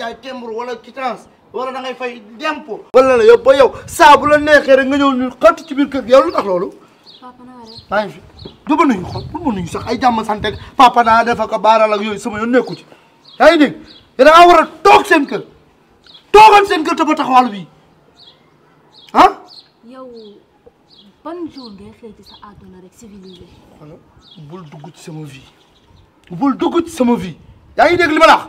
jaay timbre wala quittance wala da ngay fay dempo. wala la yow ba yow saa bu la neexee rek nga ñëw ñu xott ci biir kër gi yow lu tax loolu. papa naa def maa ngi fi jubbu nañu xol jubbu nañu sax ay jàmm sant ak papa naa def ak baaral ak yooyu sama yoon nekku ci. yaa ngi dégg da ngaa war a toog seen kër toogal seen kër te ba taxawal bi ah. yow ban jour ngay xëy ci sa àdduna rek civilisé. bul dugg ci sama vie bul dugg ci sama vie yaa ngi dégg li ma la wax.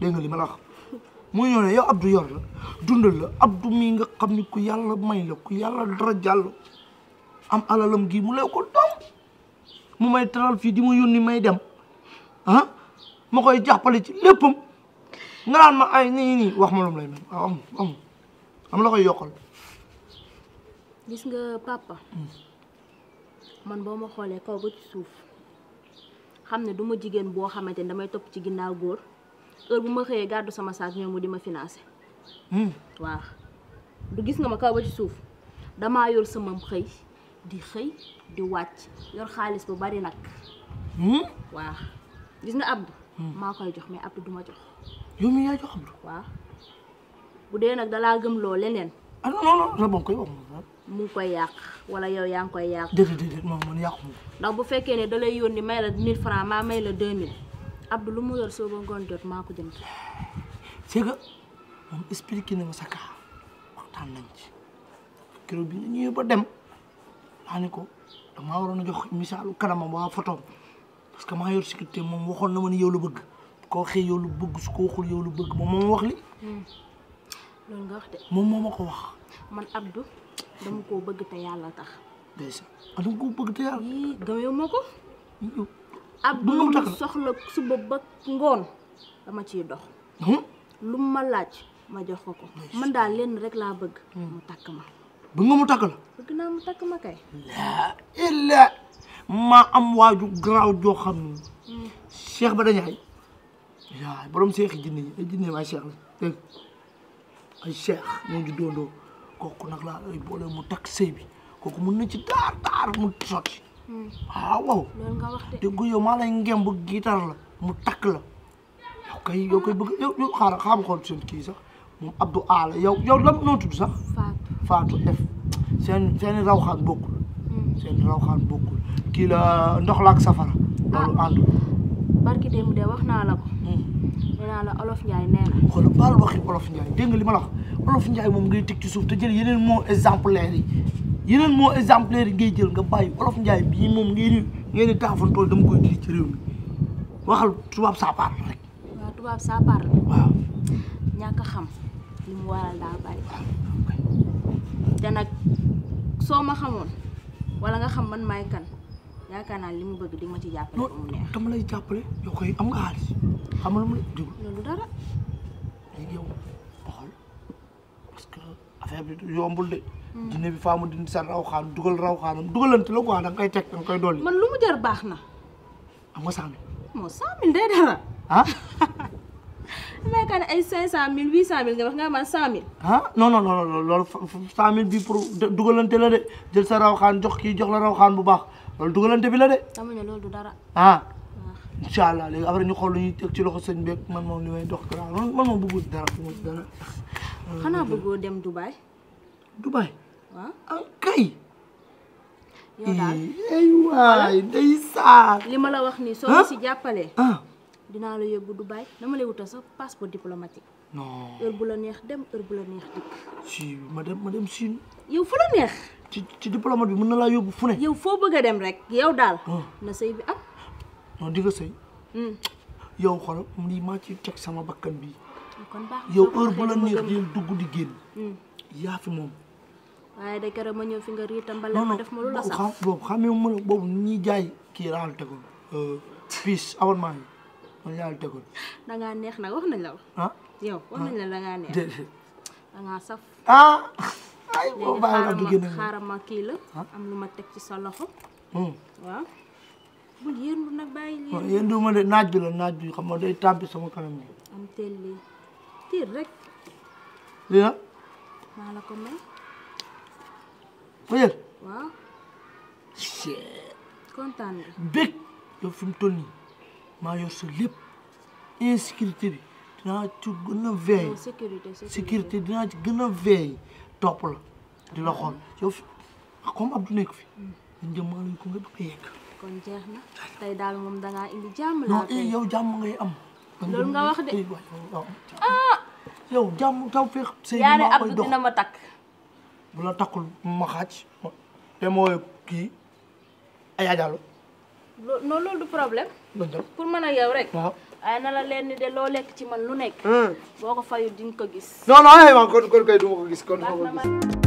Dengar lima li ma na yo muy ñëw yow Abdou yor la dundal la Abdou mii nga ku may la ku dara am alalam gi mu lay ko doom mu may taral fi di ma yónni may dem ah ma koy jàppale ci léppam nga naan ma ay ni ni wax ma lu lay am ah, am am la koy yokkal. gis nga papa hmm. man boo ma xoolee suf. ci xam ne du ma jigéen boo xamante ne damay topp ci ginnaaw góor heure bu ma xëyee gàddu sama saak ñoom mu di ma financé. Hmm. waaw du gis nga ma kaw ba ci suuf damaa yor sama xëy di xëy di wàcc yor xaalis bu bari nag. Hmm? waaw gis nga Abdou. Hmm. maa koy jox mais Abdou du jox. yow mii yaa jox Abdou. waaw bu dee nag dalaa gëm loo leneen. Ah mu ngi koy yàq wala yow yaa ngi koy yàq. déedéet déedéet non man ndax bu fekkee ne da lay yónni may la 1000 francs la 2000 lu mu yor ko jëm ci. c'est que moom expliqué na ma sa cas ne ko damaa waroon jox misaalu kanamam waa photo parce que maa yor sécurité moom waxoon na ma ni la bëgg ko waxee bëgg su ko waxul yow la moo wax li. Hmm. wax ma ko wax. man Abdou. dama koo bëgg te yàlla tax. dèjà ah dama koo bëgg te yàlla. yii gëmee ma ko. ab lu ma soxla suba ba ngoon dama ciy dox. lu ma laaj ma jox ko ko. man rek laa bëgg. Hmm. mu takk ma. bëgg nga bëgg naa mu takk kay. laa illa maa am waaju garaaw joo xam hmm. Cheikh Bada Ndiaye. yaay borom Cheikh yi jinne yi Cheikh ay Cheikh kooku nag laa boole mu takk sëy bi kooku mën na daar daar mu sotti. waaw ah, waaw. loolu nga wax de. ngem bu guitare la mu takk la yow kay yow kay bëgg yow yow xaaral xaaral xool seen kii sax moom Abdou Ala yow yow lan noo tudd sax. Fatou Fatou F raw xaan bokkul. Hmm. seen raw xaan bokkul kii la ndox la ak safara. Ah. loolu àndul. barki démb de wax naa la nee naa la olof Ndiaye nee na. xoolal baal waxi olof Ndiaye dégg nga li ma la wax olof Ndiaye moom ngay teg ci suuf te jël yeneen mots exemplaires yi yeneen mots exemplaires yi ngay jël nga bàyyi olof Ndiaye bii moom ngeen di ngeen di taafantool dama koy diri ci réew mi waxal tubaab saapaar la rek. waaw tubaab saapaar la. waaw. ñàkk a xam li mu waral daa bari. te nag soo ma xamoon wala nga xam man maay kan. yaakaar naa li mu bëgg di ma ci jàppale ba mu neex. dama lay jàppale yow koy am nga xaalis xam lu ma la déglu. loolu dara. léegi yow doxal parce que affaire bi yombul de. dina hmm. bi faa mu sa raw xaan dugal raw xaanam dugalante la quoi da nga koy teg da nga koy dolli. man lu mu jar baax na. am nga 100000. moo 100000 day dara. ah mais kan ay 500 000 800 000 nga wax No man no no, ah non non non loolu 100 000 bi pour dugalante la de jël sa raw xaan jox kii jox la raw xaan bu baax loolu allah léegi après ñu xool lu ñuy teg ci loxo sëñ beeg man moom li may dox dara man moom bëggul dara bëggul dara xanaa bëggoo dem Dubaï Dubaï waaw kay yow dina la ya yobbu dubai dama lay wuta sax passeport diplomatique. non heure bu la neex dem heure bu la neex dik si ma dem ma dem Chine. yow fa la neex. ci ci diplomate bi mën na la yobbu fune yow fo beug dem rek yow dal na sey bi ak ah? non diga sey hmm yow xoolal lii ma ci tek sama bakkan bi kon baax yow heure bu la neex di dugg di genn hmm. ya fi mom waye da keroog ma ñew fi nga riita mbala ma def ma lu la sax. non xam boobu xam jaay ki raal tegul. Euh, piis abonnement yi. man yaa tegul. da ngaa neex nag wax nañ la. ah yow la ah? da neex. déedéet da ngaa saf. ah ay boo xaaral ma kii la. Ah? am lu ma teg ci sa loxo. Hmm. waaw. bul yëndu nag bàyyi yëndu. yëndu ma de naaj bi la naaj bi xam nga day tàmpi sama kanam yi. am teel lii rek. lii maa la ko may. Fayal. waaw. kontaan nga. bég yow fi mu maa yor sa lépp insécurité bi dinaa ci gën a veille sécurité dinaa ci gën a veille topp la di la xool mm. yow ah, comme Abdou nekk fi ñun jëm mm. maa ko nga bëgg kon tey daal moom da indi jàmm laa eh, yow jàmm ngay am loolu nga wax de eh, ah yow jàmm taw feex sëy yaare Abdou dina ma takk bu la takkul ma xaaj te mooy kii Aya loo loolu du problème. pour mën a yow rek. waaw waaye na la leen de loo lekk ci man lu nekk. Hmm. boo ko fayul di nga ko gis. non non aywa kon kon kay du ma ko gis kon du ma